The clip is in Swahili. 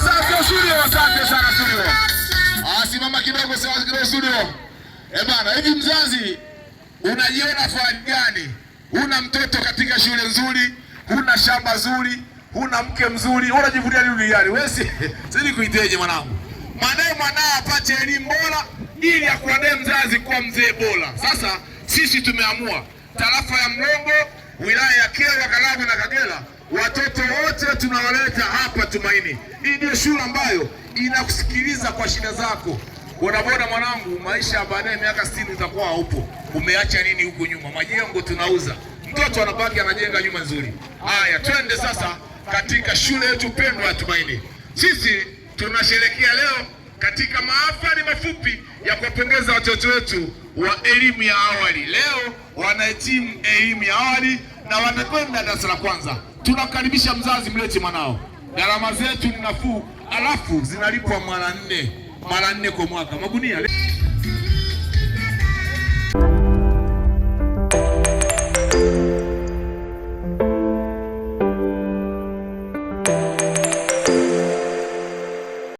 Asante studio, asante sana studio. Ah, simama kidogo, sawa kidogo studio. Eh, bana, hivi mzazi unajiona fani gani? Una mtoto katika shule nzuri, una shamba zuri, una mke mzuri, unajivunia nini duniani? Wewe si sili kuiteje mwanangu? Mwanae mwanao apate elimu bora ili akuandae mzazi kuwa mzee bora. Sasa sisi tumeamua tarafa ya Mlongo wilaya ya Kyerwa tunawaleta hapa Tumaini. Hii ndio shule ambayo inakusikiliza kwa shida zako. Bodaboda mwanangu, maisha ya baadaye, miaka 60 utakuwa haupo. Umeacha nini huko nyuma? Majengo tunauza, mtoto anabaki anajenga nyumba nzuri. Haya, twende sasa katika shule yetu pendwa ya Tumaini. Sisi tunasherekea leo katika mahafali mafupi ya kuwapongeza watoto wetu wa elimu ya awali. Leo wanahitimu elimu ya awali na wanakwenda darasa la kwanza tunakaribisha mzazi, mlete mwanao, gharama zetu ni nafuu, alafu zinalipwa mara nne, mara nne kwa mwaka magunia